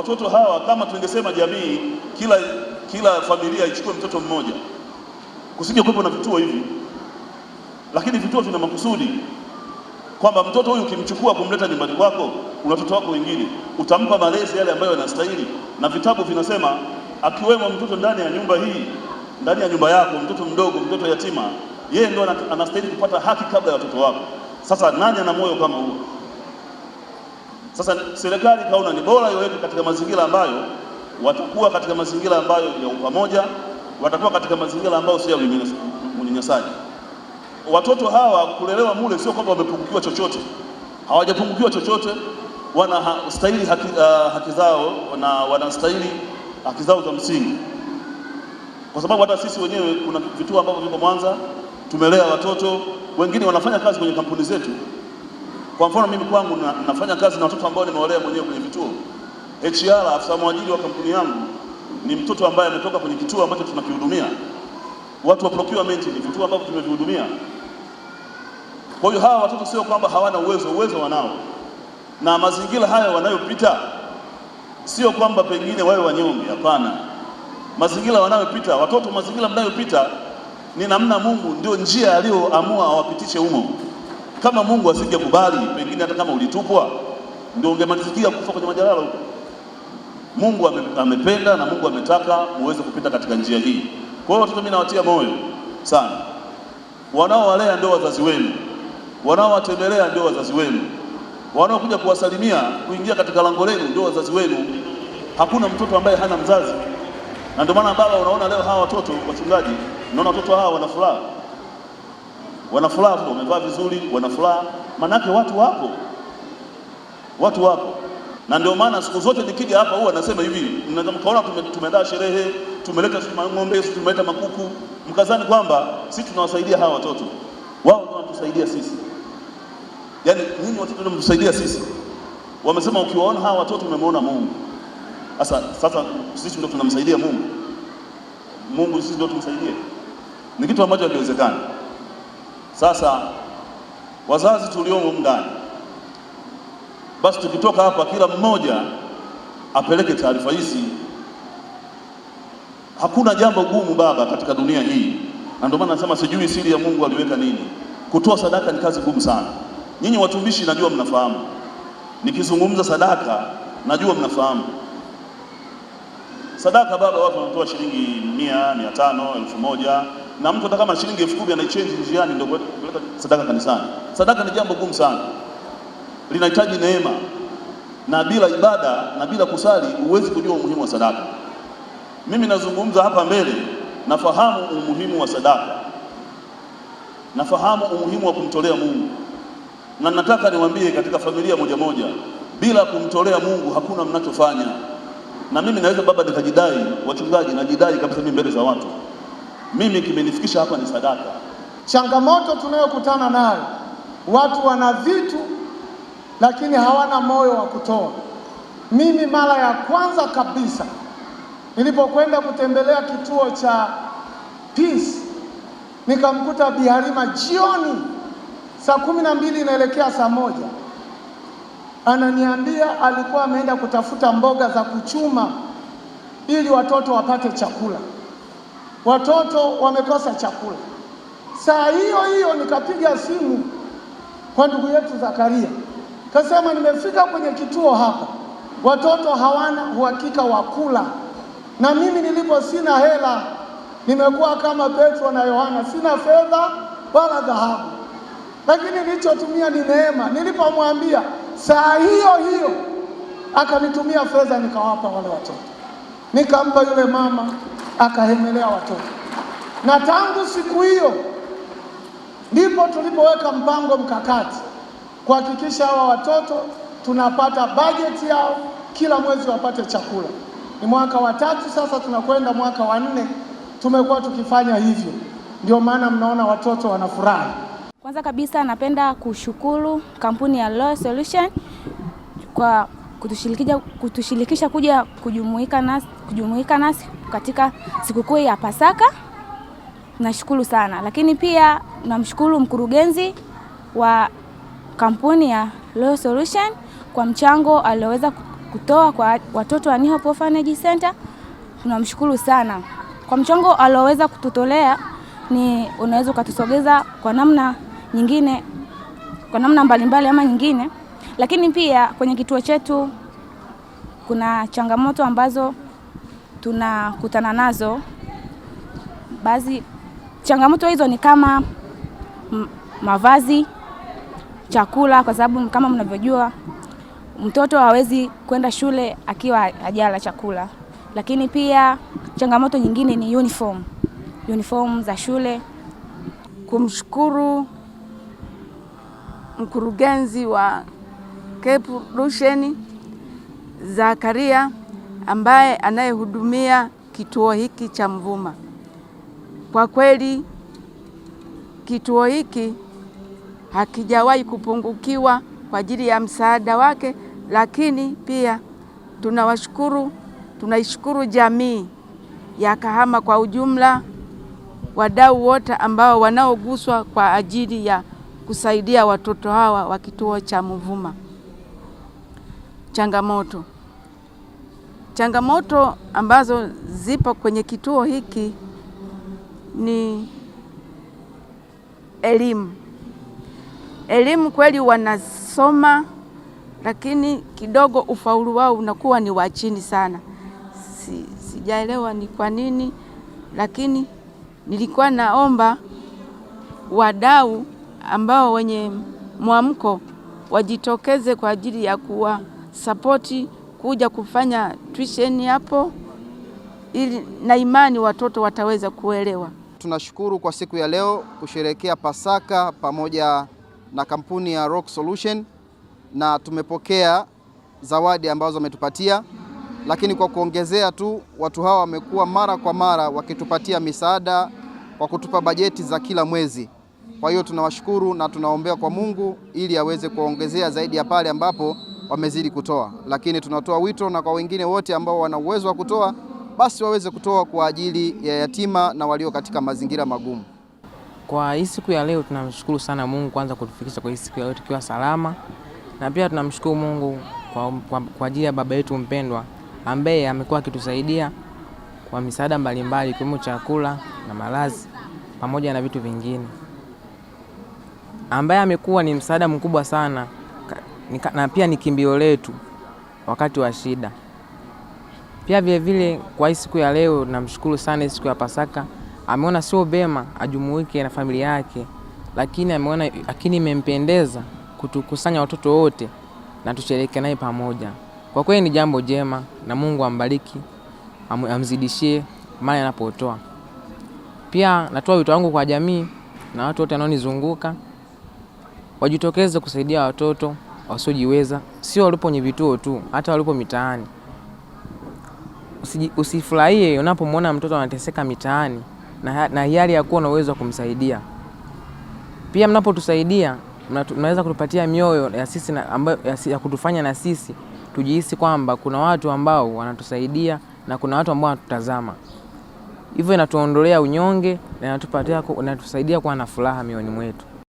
watoto hawa, kama tungesema jamii kila kila familia ichukue mtoto mmoja, kusije kuwepo na vituo hivi. Lakini vituo vina makusudi kwamba mtoto huyu ukimchukua kumleta nyumbani kwako, una watoto wako wengine, utampa malezi yale ambayo yanastahili, na vitabu vinasema akiwemo mtoto ndani ya nyumba hii, ndani ya nyumba yako, mtoto mdogo, mtoto yatima, yeye ndo anastahili kupata haki kabla ya watoto wako. Sasa nani ana moyo kama huo? Sasa serikali kaona ni bora iweke katika mazingira ambayo watakuwa katika mazingira ambayo ya upamoja, watakuwa katika mazingira ambayo sio ya unyanyasaji. Watoto hawa kulelewa mule sio kwamba wamepungukiwa chochote, hawajapungukiwa chochote, wanastahili haki, uh, haki zao na wanastahili haki zao za msingi, kwa sababu hata sisi wenyewe kuna vituo ambavyo viko Mwanza tumelea watoto wengine wanafanya kazi kwenye kampuni zetu. Kwa mfano mimi kwangu na, nafanya kazi na watoto ambao nimewalea mwenyewe kwenye vituo. HR afisa mwajiri wa kampuni yangu ni mtoto ambaye ametoka kwenye kituo ambacho tunakihudumia. Watu wa procurement ni vituo ambavyo tumevihudumia. Kwa hiyo hawa watoto sio kwamba hawana uwezo, uwezo wanao, na mazingira haya wanayopita sio kwamba pengine wawe wanyonge, hapana. Mazingira wanayopita watoto, mazingira mnayopita ni namna Mungu ndio njia aliyoamua awapitishe humo. Kama Mungu asingekubali, pengine hata kama ulitupwa, ndio ungemalizikia kufa kwenye majalala huko. Mungu amependa na Mungu ametaka uweze kupita katika njia hii. Kwa hiyo watoto, mimi nawatia moyo sana, wanaowalea ndio wazazi wenu, wanaowatembelea ndio wazazi wenu, wanaokuja kuwasalimia, kuingia katika lango lenu ndio wazazi wenu. Hakuna mtoto ambaye hana mzazi, na ndio maana baba, unaona leo hawa watoto wachungaji, unaona watoto hawa wana furaha wanafuraha tu, wamevaa vizuri, wanafuraha. Manake watu wapo, watu wapo, na ndio maana siku zote nikija hapa huwa nasema hivi, mkaona tumeandaa sherehe, tumeleta ng'ombe, tumeleta makuku, mkazani kwamba sisi tunawasaidia hawa watoto, wao ndio wanatusaidia sisi. Yaani nyinyi watoto ndio mtusaidia sisi. Wamesema ukiwaona hawa watoto umemwona Mungu. Sasa sasa sisi ndio tunamsaidia Mungu. Mungu sisi ndio tumsaidie. Ni kitu ambacho hakiwezekani. Sasa wazazi tuliomo ndani, basi tukitoka hapa, kila mmoja apeleke taarifa hizi. Hakuna jambo gumu baba katika dunia hii, na ndio maana nasema sijui siri ya Mungu aliweka nini. Kutoa sadaka ni kazi gumu sana. Nyinyi watumishi, najua mnafahamu, nikizungumza sadaka najua mnafahamu sadaka. Baba, watu wanatoa shilingi mia, mia tano, elfu moja na mtu atakama shilingi elfu kumi anaichange njiani ndio kuleta sadaka kanisani. Sadaka ni jambo gumu sana, linahitaji neema, na bila ibada na bila kusali huwezi kujua umuhimu wa sadaka. Mimi nazungumza hapa mbele, nafahamu umuhimu wa sadaka, nafahamu umuhimu wa kumtolea Mungu, na nataka niwaambie katika familia moja moja, bila kumtolea Mungu hakuna mnachofanya. Na mimi naweza baba nikajidai, wachungaji, najidai kabisa mimi mbele za watu mimi kimenifikisha hapa ni sadaka. Changamoto tunayokutana nayo, watu wana vitu lakini hawana moyo wa kutoa. Mimi mara ya kwanza kabisa nilipokwenda kutembelea kituo cha Peace nikamkuta Bi Halima jioni saa kumi na mbili inaelekea saa moja ananiambia alikuwa ameenda kutafuta mboga za kuchuma ili watoto wapate chakula watoto wamekosa chakula. Saa hiyo hiyo nikapiga simu kwa ndugu yetu Zakaria, kasema nimefika kwenye kituo hapa, watoto hawana uhakika wa kula, na mimi nilipo sina hela, nimekuwa kama Petro na Yohana, sina fedha wala dhahabu, lakini nilichotumia ni neema. Nilipomwambia saa hiyo hiyo akanitumia fedha, nikawapa wale watoto, nikampa yule mama akahemelea watoto, na tangu siku hiyo ndipo tulipoweka mpango mkakati kuhakikisha hawa watoto tunapata bajeti yao kila mwezi wapate chakula. Ni mwaka wa tatu sasa, tunakwenda mwaka wa nne tumekuwa tukifanya hivyo, ndio maana mnaona watoto wanafurahi. Kwanza kabisa napenda kushukuru kampuni ya Law Solution kwa kutushirikisha kuja kujumuika nasi, kujumuika nasi katika sikukuu ya Pasaka. Nashukuru sana, lakini pia namshukuru mkurugenzi wa kampuni ya Royal Solution kwa mchango alioweza kutoa kwa watoto wa New Orphanage Center. Tunamshukuru sana kwa mchango alioweza kututolea. Ni unaweza ukatusogeza kwa namna nyingine, kwa namna mbalimbali ama nyingine lakini pia kwenye kituo chetu kuna changamoto ambazo tunakutana nazo. Baadhi changamoto hizo ni kama mavazi, chakula, kwa sababu kama mnavyojua mtoto hawezi kwenda shule akiwa hajala chakula. Lakini pia changamoto nyingine ni uniform, uniform za shule. Kumshukuru mkurugenzi wa Kepu Rusheni Zakaria ambaye anayehudumia kituo hiki cha Mvuma. Kwa kweli kituo hiki hakijawahi kupungukiwa kwa ajili ya msaada wake, lakini pia tunawashukuru, tunaishukuru jamii ya Kahama kwa ujumla, wadau wote ambao wanaoguswa kwa ajili ya kusaidia watoto hawa wa kituo cha Mvuma changamoto changamoto ambazo zipo kwenye kituo hiki ni elimu. Elimu kweli wanasoma, lakini kidogo ufaulu wao unakuwa ni wa chini sana. Si, sijaelewa ni kwa nini, lakini nilikuwa naomba wadau ambao wenye mwamko wajitokeze kwa ajili ya kuwa sapoti kuja kufanya tuition hapo, ili na imani watoto wataweza kuelewa. Tunashukuru kwa siku ya leo kusherekea Pasaka pamoja na kampuni ya Rock Solution, na tumepokea zawadi ambazo wametupatia, lakini kwa kuongezea tu, watu hawa wamekuwa mara kwa mara wakitupatia misaada kwa kutupa bajeti za kila mwezi. Kwa hiyo tunawashukuru na tunaombea kwa Mungu ili aweze kuwaongezea zaidi ya pale ambapo wamezidi kutoa, lakini tunatoa wito na kwa wengine wote ambao wana uwezo wa kutoa, basi waweze kutoa kwa ajili ya yatima na walio katika mazingira magumu. Kwa hii siku ya leo tunamshukuru sana Mungu kwanza kutufikisha kwa hii siku ya leo tukiwa salama, na pia tunamshukuru Mungu kwa, kwa, kwa ajili ya baba yetu mpendwa ambaye amekuwa akitusaidia kwa misaada mbalimbali ikiwemo chakula na malazi pamoja na vitu vingine, ambaye amekuwa ni msaada mkubwa sana na pia ni kimbio letu wakati wa shida. Pia vilevile kwa hii siku ya leo namshukuru sana, siku ya Pasaka ameona sio bema ajumuike na familia yake, lakini ameona, lakini imempendeza kutukusanya watoto wote na tusherehekee naye pamoja. Kwa kweli ni jambo jema, na Mungu ambariki, amzidishie mali anapotoa. Pia natoa wito wangu kwa jamii na watu wote wanaonizunguka wajitokeze kusaidia watoto wasiojiweza, sio walipo kwenye vituo tu, hata walipo mitaani. Usifurahie unapomwona mtoto anateseka mitaani na, na hiari ya kuwa na uwezo wa kumsaidia. Pia mnapotusaidia mnaweza kutupatia mioyo ya, sisi na, ambayo, ya kutufanya na sisi tujihisi kwamba kuna watu ambao wanatusaidia na kuna watu ambao wanatutazama. Hivyo inatuondolea unyonge na inatusaidia kuwa na furaha mioyoni mwetu.